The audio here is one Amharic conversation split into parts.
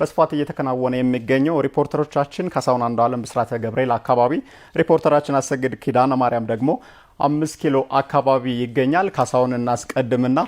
በስፋት እየተከናወነ የሚገኘው። ሪፖርተሮቻችን ካሳሁን አንዱዓለም፣ ብስራተ ገብርኤል አካባቢ ሪፖርተራችን አሰግድ ኪዳነ ማርያም ደግሞ አምስት ኪሎ አካባቢ ይገኛል። ካሳሁን እናስቀድምና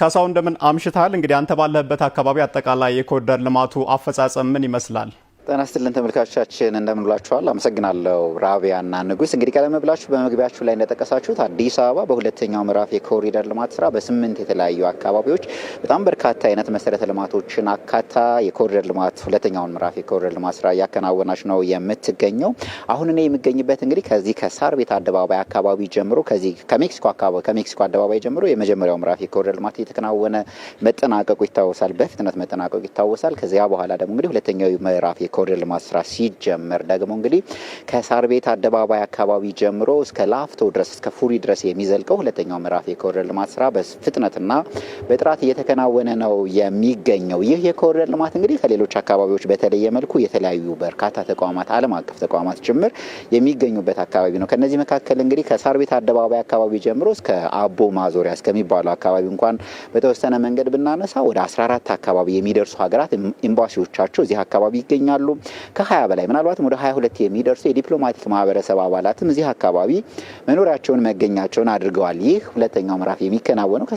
ካሳሁን እንደምን አምሽታል? እንግዲህ አንተ ባለህበት አካባቢ አጠቃላይ የኮሪደር ልማቱ አፈጻጸም ምን ይመስላል? ጤና ይስጥልን ተመልካቾቻችን እንደምን አመሰግናለው አመሰግናለሁ። ራቢያና ንጉስ፣ እንግዲህ ቀደም ብላችሁ በመግቢያችሁ ላይ እንደጠቀሳችሁት አዲስ አበባ በሁለተኛው ምዕራፍ የኮሪደር ልማት ስራ በስምንት የተለያዩ አካባቢዎች በጣም በርካታ አይነት መሰረተ ልማቶችን አካታ የኮሪደር ልማት ሁለተኛውን ምዕራፍ የኮሪደር ልማት ስራ እያከናወናች ነው የምትገኘው። አሁን እኔ የሚገኝበት እንግዲህ ከዚህ ከሳር ቤት አደባባይ አካባቢ ጀምሮ ከዚህ ከሜክሲኮ አካባቢ ከሜክሲኮ አደባባይ ጀምሮ የመጀመሪያው ምዕራፍ የኮሪደር ልማት እየተከናወነ መጠናቀቁ ይታወሳል፣ በፍጥነት መጠናቀቁ ይታወሳል። ከዚያ በኋላ ደግሞ እንግዲህ ሁለተኛው ምዕራፍ የኮሪደር ልማት ስራ ሲጀመር ደግሞ እንግዲህ ከሳር ቤት አደባባይ አካባቢ ጀምሮ እስከ ላፍቶ ድረስ እስከ ፉሪ ድረስ የሚዘልቀው ሁለተኛው ምዕራፍ የኮሪደር ልማት ስራ በፍጥነትና በጥራት እየተከናወነ ነው የሚገኘው። ይህ የኮሪደር ልማት እንግዲህ ከሌሎች አካባቢዎች በተለየ መልኩ የተለያዩ በርካታ ተቋማት ዓለም አቀፍ ተቋማት ጭምር የሚገኙበት አካባቢ ነው። ከነዚህ መካከል እንግዲህ ከሳር ቤት አደባባይ አካባቢ ጀምሮ እስከ አቦ ማዞሪያ እስከሚባለው አካባቢ እንኳን በተወሰነ መንገድ ብናነሳ ወደ 14 አካባቢ የሚደርሱ ሀገራት ኤምባሲዎቻቸው እዚህ አካባቢ ይገኛሉ። ከ20 በላይ ምናልባትም ወደ 22 የሚደርሱ የዲፕሎማቲክ ማህበረሰብ አባላትም እዚህ አካባቢ መኖሪያቸውን መገኛቸውን አድርገዋል። ይህ ሁለተኛው ምዕራፍ የሚከናወነው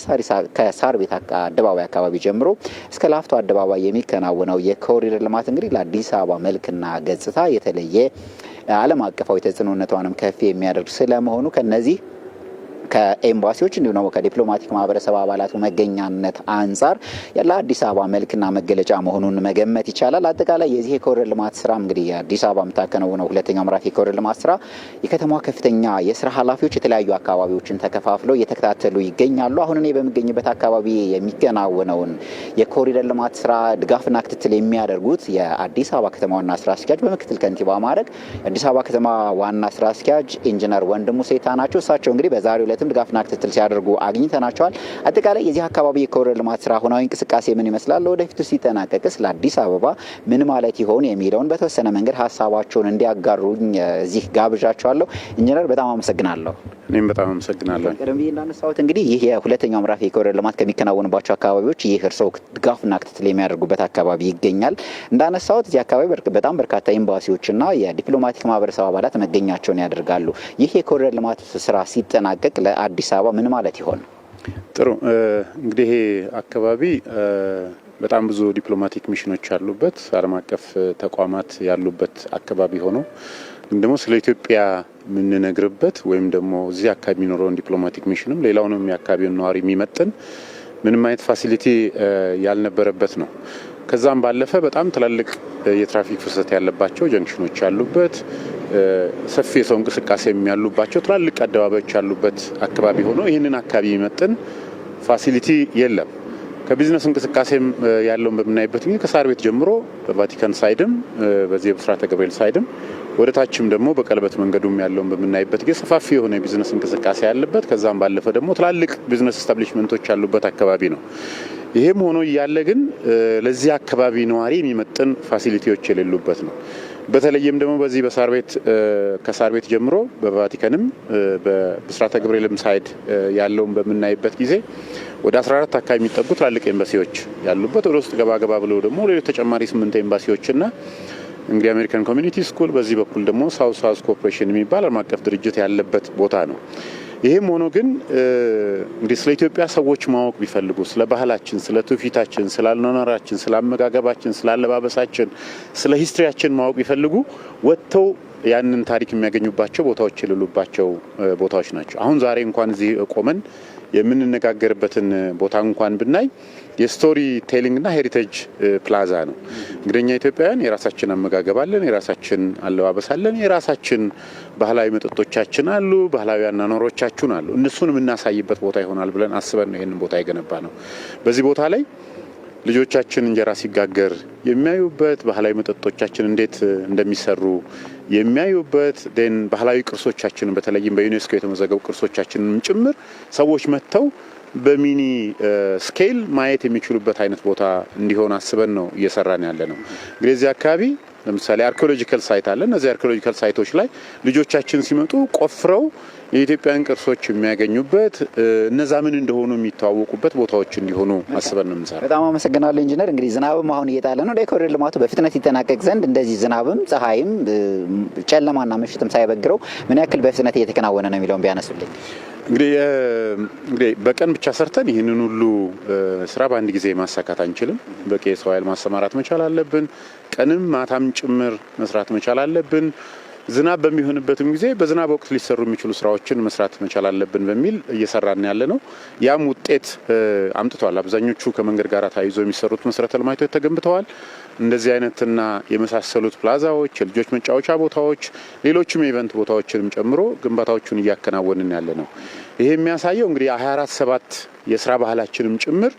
ከሳር ቤት አደባባይ አካባቢ ጀምሮ እስከ ላፍቶ አደባባይ የሚከናወነው የኮሪደር ልማት እንግዲህ ለአዲስ አበባ መልክና ገጽታ የተለየ ዓለም አቀፋዊ ተጽዕኖነቷንም ከፍ የሚያደርግ ስለመሆኑ ከነዚህ ከኤምባሲዎች እንዲሁም ደግሞ ከዲፕሎማቲክ ማህበረሰብ አባላቱ መገኛነት አንጻር ለአዲስ አበባ መልክና መገለጫ መሆኑን መገመት ይቻላል። አጠቃላይ የዚህ የኮሪደር ልማት ስራ እንግዲህ የአዲስ አበባ የምታከናውነው ሁለተኛው ምዕራፍ የኮሪደር ልማት ስራ የከተማዋ ከፍተኛ የስራ ኃላፊዎች የተለያዩ አካባቢዎችን ተከፋፍለው እየተከታተሉ ይገኛሉ። አሁን እኔ በሚገኝበት አካባቢ የሚከናወነውን የኮሪደር ልማት ስራ ድጋፍና ክትትል የሚያደርጉት የአዲስ አበባ ከተማ ዋና ስራ አስኪያጅ በምክትል ከንቲባ ማድረግ የአዲስ አበባ ከተማ ዋና ስራ አስኪያጅ ኢንጂነር ወንድሙ ሴታ ናቸው። እሳቸው እንግዲህ በዛሬው ማለትም ድጋፍና ክትትል ሲያደርጉ አግኝተናቸዋል። አጠቃላይ የዚህ አካባቢ የኮሪደር ልማት ስራ አሁናዊ እንቅስቃሴ ምን ይመስላል፣ ለወደፊቱ ሲጠናቀቅስ ለአዲስ አበባ ምን ማለት ይሆን የሚለውን በተወሰነ መንገድ ሀሳባቸውን እንዲያጋሩኝ እዚህ ጋብዣቸዋለሁ። ኢንጂነር በጣም አመሰግናለሁ። እኔም በጣም አመሰግናለሁ። ቀደም ብዬ እንዳነሳሁት እንግዲህ ይህ የሁለተኛው ምዕራፍ የኮሪደር ልማት ከሚከናወንባቸው አካባቢዎች ይህ እርስዎ ድጋፍና ክትትል የሚያደርጉበት አካባቢ ይገኛል። እንዳነሳሁት እዚህ አካባቢ በጣም በርካታ ኤምባሲዎችና የዲፕሎማቲክ ማህበረሰብ አባላት መገኛቸውን ያደርጋሉ። ይህ የኮሪደር ልማት ስራ ሲጠናቀቅ ስለ አዲስ አበባ ምን ማለት ይሆን? ጥሩ እንግዲህ ይሄ አካባቢ በጣም ብዙ ዲፕሎማቲክ ሚሽኖች ያሉበት ዓለም አቀፍ ተቋማት ያሉበት አካባቢ ሆኖ ግን ደግሞ ስለ ኢትዮጵያ የምንነግርበት ወይም ደግሞ እዚህ አካባቢ የሚኖረውን ዲፕሎማቲክ ሚሽንም ሌላውንም የአካባቢውን ነዋሪ የሚመጥን ምንም አይነት ፋሲሊቲ ያልነበረበት ነው። ከዛም ባለፈ በጣም ትላልቅ የትራፊክ ፍሰት ያለባቸው ጀንክሽኖች ያሉበት ሰፊ የሰው እንቅስቃሴ የሚያሉባቸው ትላልቅ አደባባዮች ያሉበት አካባቢ ሆኖ ይህንን አካባቢ የሚመጥን ፋሲሊቲ የለም። ከቢዝነስ እንቅስቃሴም ያለውን በምናይበት ጊዜ ከሳር ቤት ጀምሮ በቫቲካን ሳይድም በዚህ በብስራተ ገብርኤል ሳይድም ወደ ታችም ደግሞ በቀለበት መንገዱም ያለውን በምናይበት ጊዜ ሰፋፊ የሆነ የቢዝነስ እንቅስቃሴ ያለበት ከዛም ባለፈ ደግሞ ትላልቅ ቢዝነስ ስታብሊሽመንቶች ያሉበት አካባቢ ነው። ይህም ሆኖ እያለ ግን ለዚህ አካባቢ ነዋሪ የሚመጥን ፋሲሊቲዎች የሌሉበት ነው። በተለይም ደግሞ በዚህ በሳር ቤት ከሳር ቤት ጀምሮ በቫቲካንም በብስራተ ገብርኤልም ሳይድ ያለውን በምናይበት ጊዜ ወደ 14 አካባቢ የሚጠጉ ትላልቅ ኤምባሲዎች ያሉበት ወደ ውስጥ ገባ ገባ ብለው ደግሞ ሌሎች ተጨማሪ ስምንት ኤምባሲዎችና እንግዲህ አሜሪካን ኮሚኒቲ ስኩል በዚህ በኩል ደግሞ ሳውስ ሳውስ ኮርፖሬሽን የሚባል ዓለም አቀፍ ድርጅት ያለበት ቦታ ነው። ይህም ሆኖ ግን እንግዲህ ስለ ኢትዮጵያ ሰዎች ማወቅ ቢፈልጉ ስለ ባህላችን፣ ስለ ትውፊታችን፣ ስለ አኗኗራችን፣ ስለ አመጋገባችን፣ ስለ አለባበሳችን፣ ስለ ሂስትሪያችን ማወቅ ቢፈልጉ ወጥተው ያንን ታሪክ የሚያገኙባቸው ቦታዎች የሌሉባቸው ቦታዎች ናቸው። አሁን ዛሬ እንኳን እዚህ ቆመን የምንነጋገርበትን ቦታ እንኳን ብናይ የስቶሪ ቴሊንግና ሄሪቴጅ ፕላዛ ነው። እንግዲህ ኢትዮጵያውያን የራሳችን አመጋገብ አለን፣ የራሳችን አለባበስ አለን፣ የራሳችን ባህላዊ መጠጦቻችን አሉ፣ ባህላዊ አናኖሮቻችን አሉ። እነሱን የምናሳይበት ቦታ ይሆናል ብለን አስበን ነው ይህንን ቦታ የገነባ ነው። በዚህ ቦታ ላይ ልጆቻችን እንጀራ ሲጋገር የሚያዩበት ባህላዊ መጠጦቻችን እንዴት እንደሚሰሩ የሚያዩበት ን ባህላዊ ቅርሶቻችንን በተለይም በዩኔስኮ የተመዘገቡ ቅርሶቻችንን ጭምር ሰዎች መጥተው በሚኒ ስኬል ማየት የሚችሉበት አይነት ቦታ እንዲሆን አስበን ነው እየሰራን ያለ ነው። እንግዲህ እዚህ አካባቢ ለምሳሌ አርኪኦሎጂካል ሳይት አለ። እነዚህ አርኪኦሎጂካል ሳይቶች ላይ ልጆቻችን ሲመጡ ቆፍረው የኢትዮጵያን ቅርሶች የሚያገኙበት እነዛ ምን እንደሆኑ የሚተዋወቁበት ቦታዎች እንዲሆኑ አስበን ነው የምንሰራ። በጣም አመሰግናለሁ ኢንጂነር። እንግዲህ ዝናብም አሁን እየጣለ ነው። የኮሪደር ልማቱ በፍጥነት ይጠናቀቅ ዘንድ እንደዚህ ዝናብም ፀሐይም ጨለማና ምሽትም ሳይበግረው ምን ያክል በፍጥነት እየተከናወነ ነው የሚለውን ቢያነሱልኝ። እንግዲህ በቀን ብቻ ሰርተን ይህንን ሁሉ ስራ በአንድ ጊዜ ማሳካት አንችልም። በቂ የሰው ኃይል ማሰማራት መቻል አለብን። ቀንም ማታም ጭምር መስራት መቻል አለብን። ዝናብ በሚሆንበትም ጊዜ በዝናብ ወቅት ሊሰሩ የሚችሉ ስራዎችን መስራት መቻል አለብን በሚል እየሰራን ያለ ነው። ያም ውጤት አምጥቷል። አብዛኞቹ ከመንገድ ጋር ተያይዞ የሚሰሩት መሰረተ ልማቶች ተገንብተዋል። እንደዚህ አይነትና የመሳሰሉት ፕላዛዎች፣ የልጆች መጫወቻ ቦታዎች፣ ሌሎችም የኢቨንት ቦታዎችንም ጨምሮ ግንባታዎቹን እያከናወንን ያለ ነው። ይሄ የሚያሳየው እንግዲህ የ24 ሰባት የስራ ባህላችንም ጭምር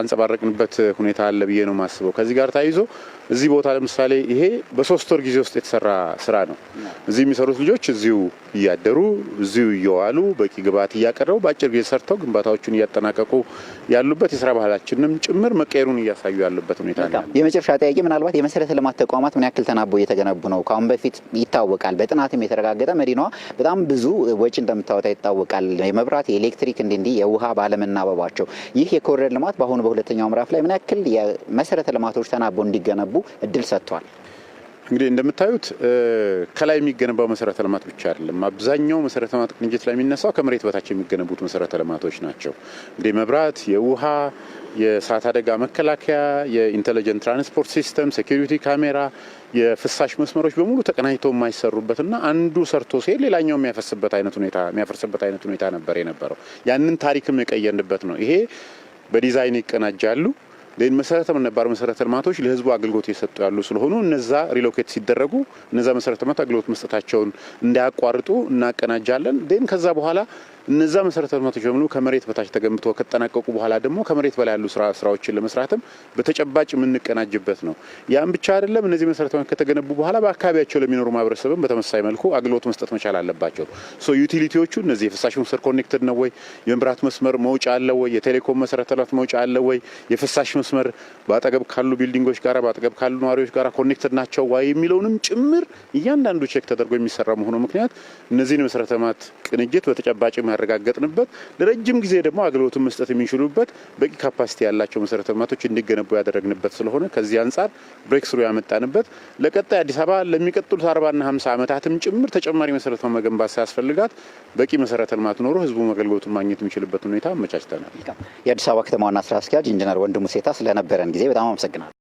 አንጸባረቅንበት ሁኔታ አለ ብዬ ነው የማስበው። ከዚህ ጋር ተያይዞ እዚህ ቦታ ለምሳሌ ይሄ በሶስት ወር ጊዜ ውስጥ የተሰራ ስራ ነው። እዚህ የሚሰሩት ልጆች እዚሁ እያደሩ እዚሁ እየዋሉ በቂ ግብዓት እያቀረቡ በአጭር ጊዜ ሰርተው ግንባታዎቹን እያጠናቀቁ ያሉበት የስራ ባህላችንም ጭምር መቀየሩን እያሳዩ ያሉበት ሁኔታ ነው። የመጨረሻ ጥያቄ ምናልባት የመሰረተ ልማት ተቋማት ምን ያክል ተናቦ እየተገነቡ ነው? ከአሁን በፊት ይታወቃል፣ በጥናትም የተረጋገጠ መዲናዋ በጣም ብዙ ወጪ እንደምታወጣ ይታወቃል። የመብራት የኤሌክትሪክ፣ እንዲህ እንዲህ የውሃ ባለመናበባቸው ይህ የኮሪደር ልማት በአሁኑ በሁለተኛው ምዕራፍ ላይ ምን ያክል የመሰረተ ልማቶች ተናቦ እንዲገነቡ እድል ሰጥቷል። እንግዲህ እንደምታዩት ከላይ የሚገነባው መሰረተ ልማት ብቻ አይደለም። አብዛኛው መሰረተ ልማት ቅንጅት ላይ የሚነሳው ከመሬት በታች የሚገነቡት መሰረተ ልማቶች ናቸው። እንግዲህ መብራት፣ የውሃ፣ የእሳት አደጋ መከላከያ፣ የኢንቴሊጀንት ትራንስፖርት ሲስተም፣ ሴኪሪቲ ካሜራ፣ የፍሳሽ መስመሮች በሙሉ ተቀናጅቶ የማይሰሩበትና አንዱ ሰርቶ ሲሄድ ሌላኛው የሚያፈስበት አይነት ሁኔታ የሚያፈርስበት አይነት ሁኔታ ነበር የነበረው። ያንን ታሪክም የቀየርንበት ነው። ይሄ በዲዛይን ይቀናጃሉ መሰረተ ነባር መሰረተ ልማቶች ለህዝቡ አገልግሎት እየሰጡ ያሉ ስለሆኑ እነዛ ሪሎኬት ሲደረጉ እነዛ መሰረተ ልማት አገልግሎት መስጠታቸውን እንዳያቋርጡ እናቀናጃለን። ን ከዛ በኋላ እነዛ መሰረተ ልማቶች በሙሉ ከመሬት በታች ተገንብቶ ከተጠናቀቁ በኋላ ደግሞ ከመሬት በላይ ያሉ ስራዎችን ለመስራትም በተጨባጭ የምንቀናጅበት ነው። ያም ብቻ አይደለም። እነዚህ መሰረተ ልማት ከተገነቡ በኋላ በአካባቢያቸው ለሚኖሩ ማህበረሰብም በተመሳሳይ መልኩ አገልግሎት መስጠት መቻል አለባቸው። ሶ ዩቲሊቲዎቹ እነዚህ የፍሳሽ መስመር ኮኔክትድ ነው ወይ፣ የመብራት መስመር መውጫ አለ ወይ፣ የቴሌኮም መሰረተ ልማት መውጫ አለ ወይ፣ የፍሳሽ መስመር በአጠገብ ካሉ ቢልዲንጎች ጋር በአጠገብ ካሉ ነዋሪዎች ጋር ኮኔክትድ ናቸው ወይ የሚለውንም ጭምር እያንዳንዱ ቼክ ተደርጎ የሚሰራ መሆኑ ምክንያት እነዚህን የመሰረተ ልማት ቅንጅት በተጨባጭ ያረጋገጥንበት ለረጅም ጊዜ ደግሞ አገልግሎቱን መስጠት የሚችሉበት በቂ ካፓሲቲ ያላቸው መሰረተ ልማቶች እንዲገነቡ ያደረግንበት ስለሆነ ከዚህ አንጻር ብሬክ ስሩ ያመጣንበት ለቀጣይ አዲስ አበባ ለሚቀጥሉት አርባና ሀምሳ ዓመታትም ጭምር ተጨማሪ መሰረተ መገንባት ሳያስፈልጋት በቂ መሰረተ ልማት ኖሮ ህዝቡ አገልግሎቱን ማግኘት የሚችልበት ሁኔታ አመቻችተናል። የአዲስ አበባ ከተማ ዋና ስራ አስኪያጅ ኢንጂነር ወንድሙ ሴታ ስለነበረን ጊዜ በጣም አመሰግናለሁ።